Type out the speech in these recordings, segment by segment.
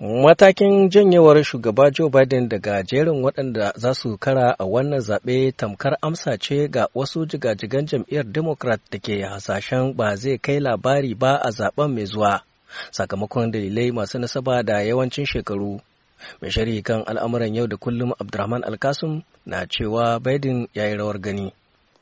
Matakin janyewar shugaba Joe Biden daga jerin waɗanda za su kara a wannan zaɓe tamkar amsa ce ga wasu jigajigan jam'iyyar Democrat da ke hasashen ba zai kai labari ba a zaben mai zuwa, sakamakon dalilai masu nasaba da yawancin shekaru. Mai shari'i kan al'amuran yau da kullum Abdurrahman Alkasum na cewa Biden ya yi rawar gani.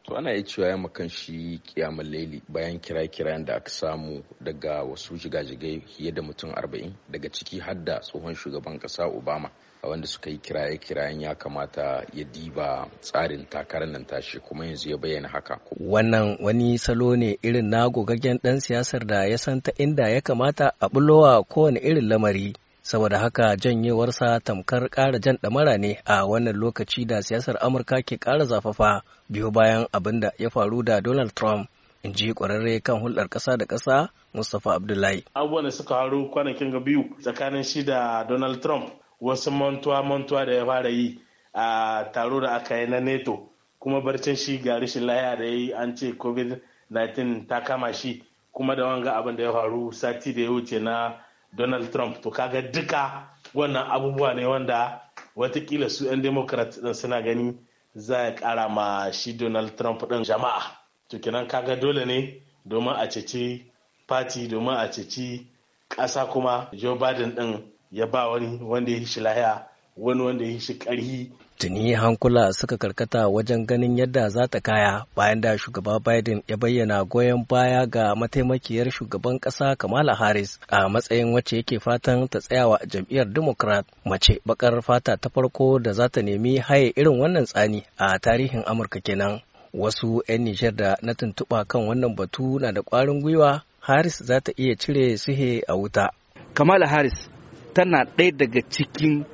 To ana iya cewa ya makan shi kiyamun laili bayan kira-kiran da aka samu daga wasu shiga jiga-jigai fiye da mutum 40 daga ciki har tsohon shugaban ƙasa Obama a wanda suka yi kiraye-kirayen ya kamata ya diba tsarin takarar nan tashi kuma yanzu ya bayyana haka. Wannan wani salo ne irin na gogaggen ɗan siyasar da ya san ta inda ya kamata a bulowa kowane irin lamari. saboda haka janyewarsa tamkar kara jan ɗamara ne a wannan lokaci da siyasar amurka ke kara zafafa biyu bayan abin da ya faru da donald trump in ji kwararre kan hulɗar ƙasa da ƙasa mustapha abdullahi abubuwan da suka haru kwanakin ga biyu tsakanin shi da donald trump wasu mantuwa mantuwa da ya fara yi a taro da aka yi na neto kuma barcin shi ga rashin laya da ya yi an ce covid-19 ta kama shi kuma da wanga abin da ya faru sati da ya wuce na donald trump to kaga duka wannan abubuwa ne wanda watakila su 'yan democrat ɗin suna gani za ya kara ma shi donald trump ɗin. jama'a to kenan kaga dole ne domin a ceci fati domin a ceci ƙasa kuma joe biden din ya ba wani wanda ya shi lahiya wani wanda ya shi ƙarhi. Tuni hankula suka karkata wajen ganin yadda za ta kaya bayan da shugaba Biden ya bayyana goyon baya ga mataimakiyar shugaban ƙasa Kamala Harris a matsayin wacce yake fatan ta tsayawa jam'iyyar Democrat mace bakar fata ta farko da za ta nemi haye irin wannan tsani a tarihin Amurka kenan. Wasu 'yan Nijar da na tuntuɓa kan wannan batu na da ƙwarin gwiwa Harris za ta iya cire sihe a wuta. Kamala Harris tana ɗaya daga cikin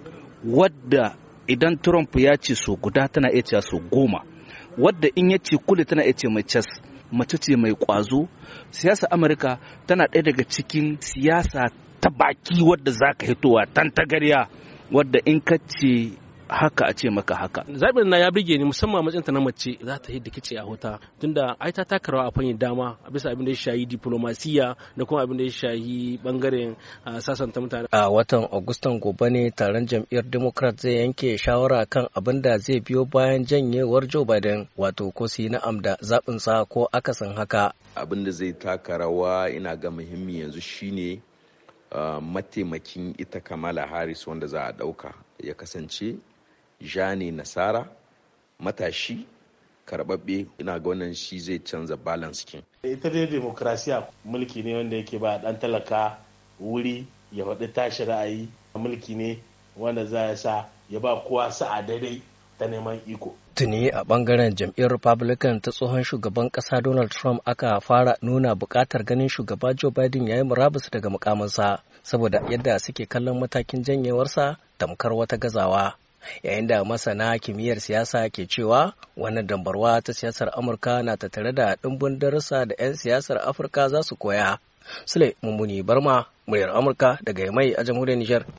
wadda idan Trump ya ce so guda tana iya cewa so goma wadda in ya ce kule tana iya ce mai cas mace ce mai kwazo siyasa amurka tana ɗaya daga cikin siyasa ta baki wadda za ka hitowa tantagarya wadda in ka ce haka a ce maka haka zaɓin na ya burge ni musamman matsayin ta na mace za ta yi kice a hota tunda ai ta taka rawa a fannin dama a bisa abin da ya shayi diplomasiya da kuma abin da ya shayi bangaren ah, sasanta mutane a watan agustan gobe ne taron jam'iyyar democrat zai yanke shawara kan abin da zai biyo bayan janyewar joe biden wato ko su yi na'am da zaɓin sa ko akasin haka abin da zai taka rawa ina ga muhimmi yanzu shine ah, mataimakin ita kamala harris wanda za a ɗauka ya kasance jani nasara matashi karbabbe ina ganin shi zai canza balance kin ita dai demokrasiya mulki ne wanda yake ba dan talaka wuri ya faɗi tashi ra'ayi mulki ne wanda za ya sa ya ba kowa sa'a daidai ta neman iko tuni a bangaren jam'iyyar republican ta tsohon shugaban kasa donald trump aka fara nuna bukatar ganin shugaba joe biden ya yi murabus daga mukaminsa saboda yadda suke kallon matakin janyewarsa tamkar wata gazawa yayin da masana kimiyyar siyasa ke cewa wannan dambarwa ta siyasar amurka na tattare da ɗimbin darussa da 'yan siyasar afirka za su koya sule mummuni barma muryar amurka daga mai a jamhuriyar nijar